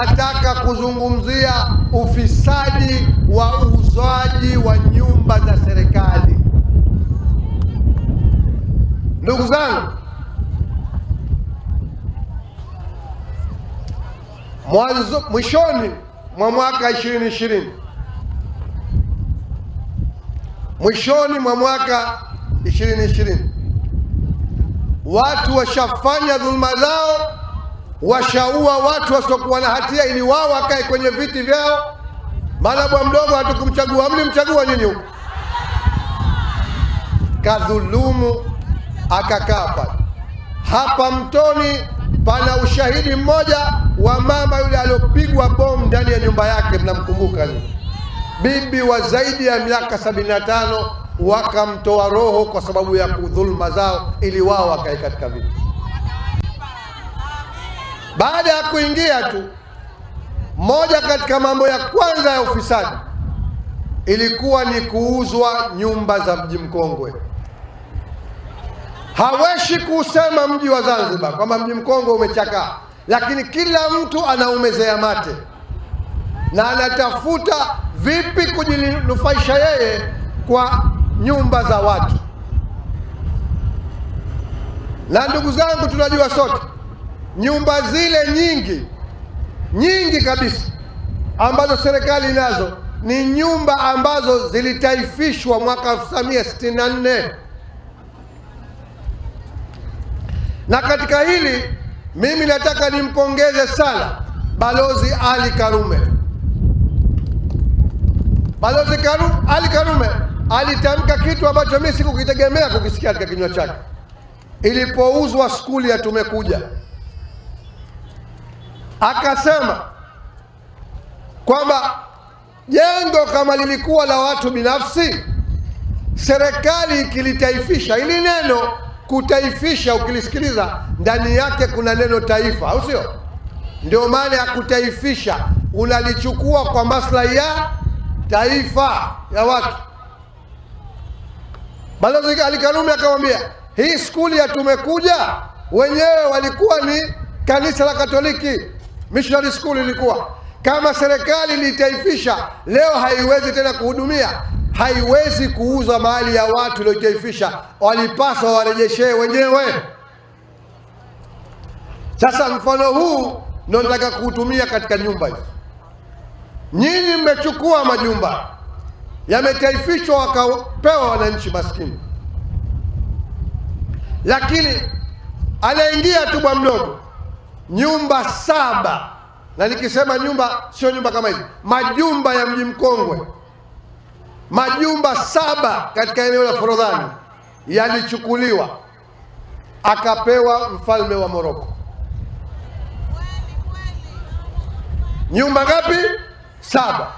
nataka kuzungumzia ufisadi wa uuzwaji wa nyumba za serikali. Ndugu zangu, mwanzo mwishoni mwa mwaka 2020 mwishoni mwa mwaka 2020 watu washafanya dhuluma zao washaua watu wasiokuwa na hatia ili wao wakae kwenye viti vyao. Maana bwa mdogo hatukumchagua, mlimchagua nyinyi huko. Kadhulumu, akakaa pale. Hapa Mtoni pana ushahidi mmoja wa mama yule aliyopigwa bomu ndani ya nyumba yake, mnamkumbuka ni bibi wa zaidi ya miaka 75 wakamtoa roho kwa sababu ya kudhuluma zao, ili wao wakae katika viti baada ya kuingia tu, moja katika mambo ya kwanza ya ufisadi ilikuwa ni kuuzwa nyumba za mji mkongwe. Haweshi kusema mji wa Zanzibar kwamba mji mkongwe umechakaa, lakini kila mtu anaumezea mate na anatafuta vipi kujinufaisha yeye kwa nyumba za watu. Na ndugu zangu, tunajua sote nyumba zile nyingi nyingi kabisa ambazo serikali nazo ni nyumba ambazo zilitaifishwa mwaka 1964 na katika hili mimi nataka nimpongeze sana Balozi Ali Karume. Balozi Karu, Ali Karume alitamka kitu ambacho mimi sikukitegemea kukisikia katika kinywa chake ilipouzwa skuli ya Tumekuja akasema kwamba jengo kama lilikuwa la watu binafsi, serikali ikilitaifisha. ili neno kutaifisha, ukilisikiliza ndani yake kuna neno taifa, au sio? Ndio maana ya kutaifisha, unalichukua kwa maslahi ya taifa ya watu. Balozi Ali Karume akamwambia, hii skuli ya tumekuja wenyewe walikuwa ni kanisa la Katoliki Missionary school ilikuwa kama serikali ilitaifisha, leo haiwezi tena kuhudumia, haiwezi kuuza mali ya watu iliyotaifisha, walipaswa warejeshee wenyewe. Sasa mfano huu ndio nataka kuutumia katika nyumba hizi. Nyinyi mmechukua majumba yametaifishwa, wakapewa wananchi maskini, lakini anaingia tu bwa mdogo nyumba saba, na nikisema nyumba sio nyumba kama hizi, majumba ya mji mkongwe, majumba saba katika eneo la Forodhani yalichukuliwa akapewa mfalme wa Moroko. Nyumba ngapi? Saba.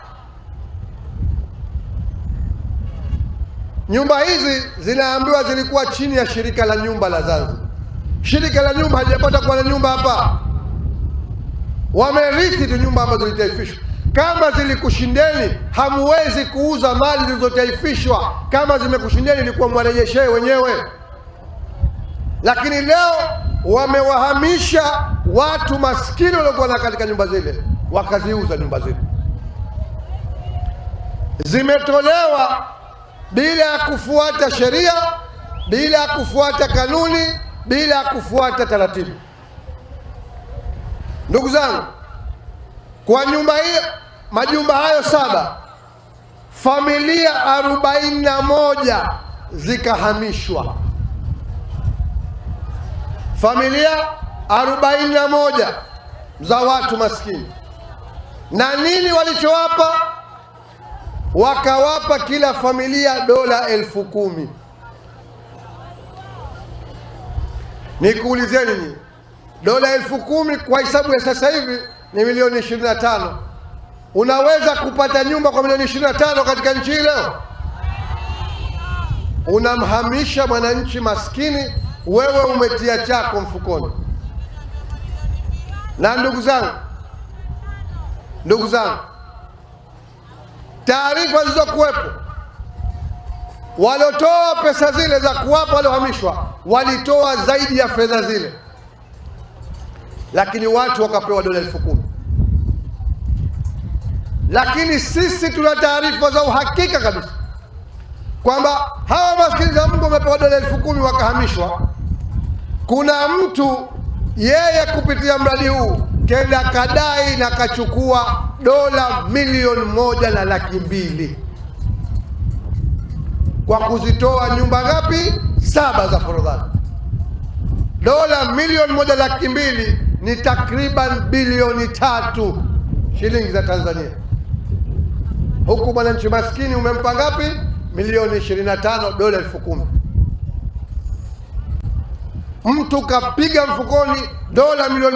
Nyumba hizi zinaambiwa zilikuwa chini ya shirika la nyumba la Zanzibar. Shirika la nyumba halijapata kuwa na nyumba hapa, wamerithi tu nyumba ambazo zilitaifishwa. Kama zilikushindeni, hamwezi kuuza mali zilizotaifishwa. Kama zimekushindeni, ilikuwa mwarejeshee wenyewe, lakini leo wamewahamisha watu maskini waliokuwa na katika nyumba zile, wakaziuza nyumba zile, zimetolewa bila ya kufuata sheria, bila ya kufuata kanuni bila kufuata taratibu. Ndugu zangu, kwa nyumba hiyo, majumba hayo saba, familia arobaini na moja zikahamishwa, familia arobaini na moja za watu maskini. Na nini walichowapa? Wakawapa kila familia dola elfu kumi. Nikuulizeni nyinyi, dola elfu kumi kwa hesabu ya sasa hivi ni milioni 25. Unaweza kupata nyumba kwa milioni 25 katika nchi hii leo? Unamhamisha mwananchi maskini, wewe umetia chako mfukoni. Na ndugu zangu, ndugu zangu, taarifa zilizokuwepo Walotoa pesa zile za kuwapa waliohamishwa walitoa zaidi ya fedha zile, lakini watu wakapewa dola elfu kumi. Lakini sisi tuna taarifa za uhakika kabisa kwamba hawa maskini za Mungu wamepewa dola elfu kumi wakahamishwa. Kuna mtu yeye kupitia mradi huu kenda kadai na kachukua dola milioni moja na laki mbili kwa kuzitoa nyumba ngapi? Saba za forodhani. Dola milioni moja laki mbili ni takriban bilioni tatu shilingi za Tanzania, huku mwananchi maskini umempa ngapi? Milioni 25, dola elfu kumi. Mtu kapiga mfukoni dola milioni